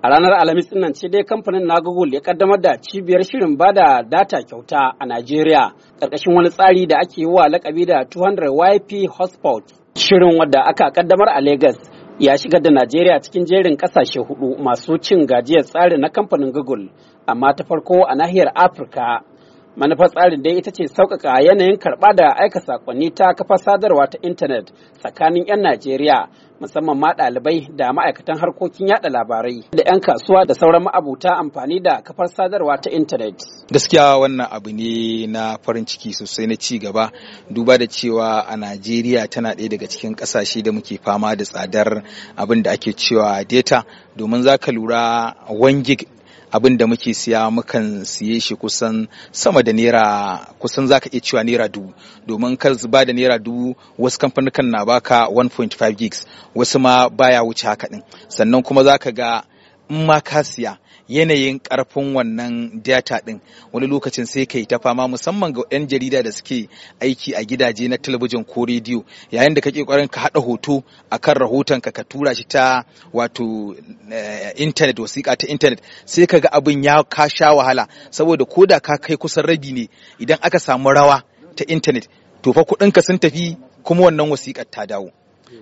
A ranar Alhamis nan sai dai kamfanin na Google ya kaddamar da cibiyar shirin bada data kyauta a Najeriya ƙarƙashin wani tsari da ake yi wa lakabi da 200 YP Hotspot. Shirin wadda aka kaddamar a Lagos ya shigar da Najeriya cikin jerin ƙasashe hudu masu cin gajiyar tsari na kamfanin Google amma ta farko a nahiyar Afirka manufar tsarin dai ita ce sauƙaƙa yanayin karɓa da aika sakonni ta kafar sadarwa ta intanet tsakanin 'yan najeriya musamman ma ɗalibai da ma'aikatan harkokin yada labarai da 'yan kasuwa da sauran ma'abuta amfani da kafar sadarwa ta intanet. Gaskiya wannan abu ne na farin ciki sosai na ci gaba duba da cewa a Najeriya tana ɗaya daga cikin ƙasashe da muke fama da tsadar abin da ake cewa data domin za ka lura 1 gig abin da muke siya mukan siye shi kusan sama da naira kusan zaka iya cewa naira dubu domin ka ba da naira dubu wasu kan na baka 1.5 gigs wasu ma baya wuce haka din sannan kuma za ka ga in ma ka siya yanayin karfin wannan data din wani lokacin sai kai ta fama musamman ga 'yan jarida da suke aiki a gidaje na talabijin ko rediyo yayin da kake kwarin ka haɗa hoto akan rahoton ka ka tura shi ta wato eh, intanet wasiƙa ta intanet sai ka ga abin ya ka sha wahala saboda ko da ka kai kusan rabi ne idan aka samu rawa ta intanet to fa kuɗinka sun tafi kuma wannan wasiƙar ta dawo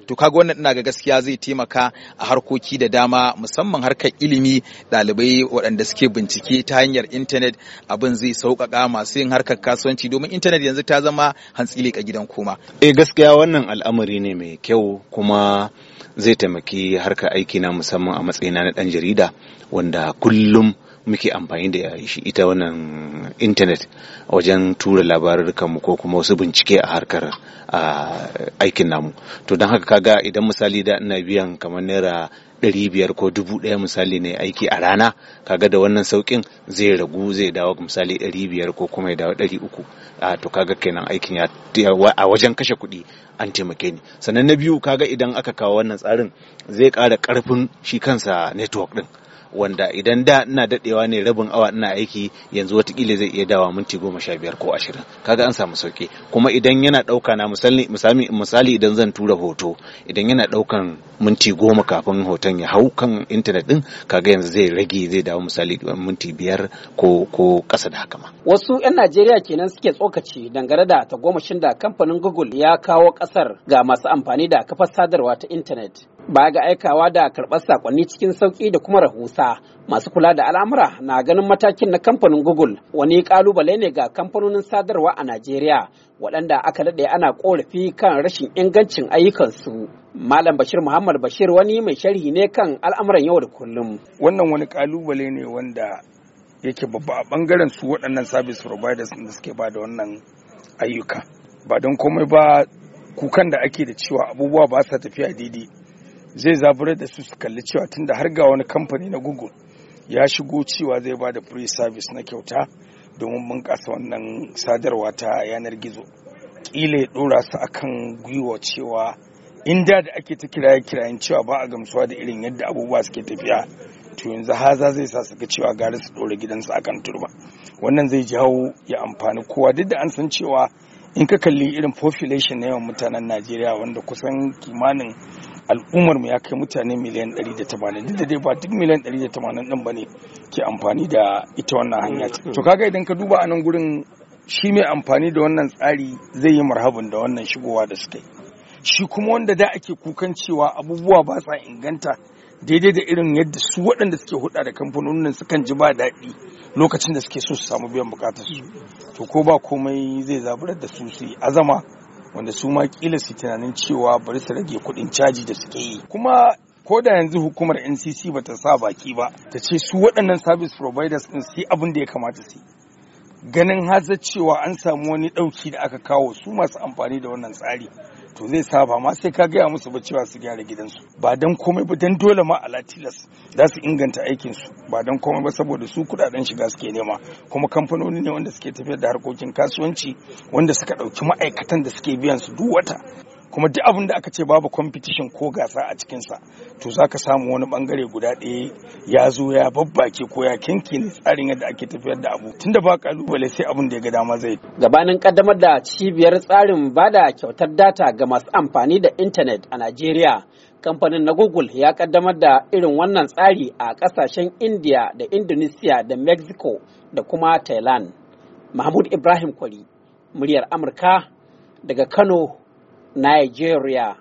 to kaga wannan ina ga gaskiya zai taimaka a harkoki da dama musamman harkar ilimi ɗalibai waɗanda suke bincike ta hanyar intanet abin zai sauƙaƙa masu yin harkar kasuwanci domin intanet yanzu ta zama hantsi ka gidan koma eh gaskiya wannan al'amari ne mai kyau kuma zai taimaki harkar aiki na musamman a matsayina na ɗan jarida wanda kullum muke amfani da shi ita wannan intanet wajen tura mu ko kuma wasu bincike a harkar aikin namu to don haka kaga idan misali da ina biyan kamar naira ɗari biyar ko dubu ɗaya misali ne aiki a rana kaga da wannan saukin zai ragu zai dawo misali ɗari biyar ko kuma ya dawo ɗari uku a to kaga kenan aikin ya a wajen kashe kuɗi an taimake ni sannan na biyu kaga idan aka kawo wannan tsarin zai ƙara ƙarfin shi kansa network ɗin wanda idan da ina dadewa ne rabin awa ina aiki yanzu watakila zai iya dawa minti goma sha biyar ko ashirin kaga an samu sauki kuma idan yana dauka na misali idan zan tura hoto idan yana ɗaukan minti goma kafin hoton ya hau kan intanet din kaga yanzu zai rage zai dawo misali minti biyar ko ko ƙasa da haka ma wasu 'yan najeriya kenan suke tsokaci dangare da tagomashin da kamfanin google ya kawo kasar ga masu amfani da kafar sadarwa ta intanet ba ga aikawa da karɓar sakonni cikin sauki da kuma rahusa rajista masu kula da al'amura na ganin matakin na kamfanin google wani kalubale ne ga kamfanonin sadarwa a najeriya waɗanda aka daɗe ana korafi kan rashin ingancin ayyukansu malam bashir muhammad bashir wani mai sharhi ne kan al'amuran yau da kullum wannan wani kalubale ne wanda yake babba a bangaren su waɗannan service providers da suke ba da wannan ayyuka ba don komai ba kukan da ake da cewa abubuwa ba sa tafiya daidai zai zabura da su su kalli cewa tunda har ga wani kamfani na google ya shigo cewa zai ba da free service na kyauta domin bunƙasa wannan sadarwa ta yanar gizo ƙila ya ɗora su akan gwiwa cewa inda da ake ta kiraye kirayen cewa ba a gamsuwa da irin yadda abubuwa suke tafiya to yanzu haza zai sa su cewa gari su ɗora gidansu akan turba wannan zai jawo ya amfani kowa duk da an san cewa in ka kalli irin population na yawan mutanen najeriya wanda kusan kimanin al'ummar mu ya kai mutane miliyan 180 duk da dai ba duk miliyan 180 din bane ke amfani da ita wannan hanya mm, mm. to kaga idan ka duba anan gurin shi mai amfani da wannan tsari zai yi marhabin da wannan shigowa da suka yi shi kuma wanda da ake kukan cewa abubuwa ba sa inganta daidai da irin yadda su waɗanda suke huɗa da kamfanonin sukan ji ba daɗi lokacin da suke so su samu biyan bukatar su mm, to ko ba komai zai zaburar da su su yi azama wanda su ma kila su tunanin cewa bari su rage kuɗin caji da suke yi kuma ko da yanzu hukumar ncc ba ta sa baki ba ta ce su waɗannan service providers ɗin su abin da ya kamata su ganin hazar cewa an samu wani ɗauki da aka kawo su masu amfani da wannan tsari to zai saba ma sai ka gaya musu ba cewa su gyara gidansu ba dan komai ba dan dole ma a latilas za su inganta aikin su ba dan komai ba saboda su kudaden shiga suke nema kuma kamfanoni ne wanda suke tafiyar da harkokin kasuwanci wanda suka dauki ma'aikatan da suke biyan su duk wata kuma duk abin da aka ce babu competition ko gasa a cikinsa to za ka samu wani bangare guda ɗaya ya zo ya babbake ko ya kinki ne tsarin yadda ake tafiyar da abu tunda ba kalubale sai abin da ya ga dama zai gabanin kaddamar da cibiyar tsarin bada kyautar data ga masu amfani da intanet a najeriya kamfanin na google ya kaddamar da irin wannan tsari a kasashen india da indonesia da mexico da kuma thailand mahmud ibrahim kwari muryar amurka daga kano Nigeria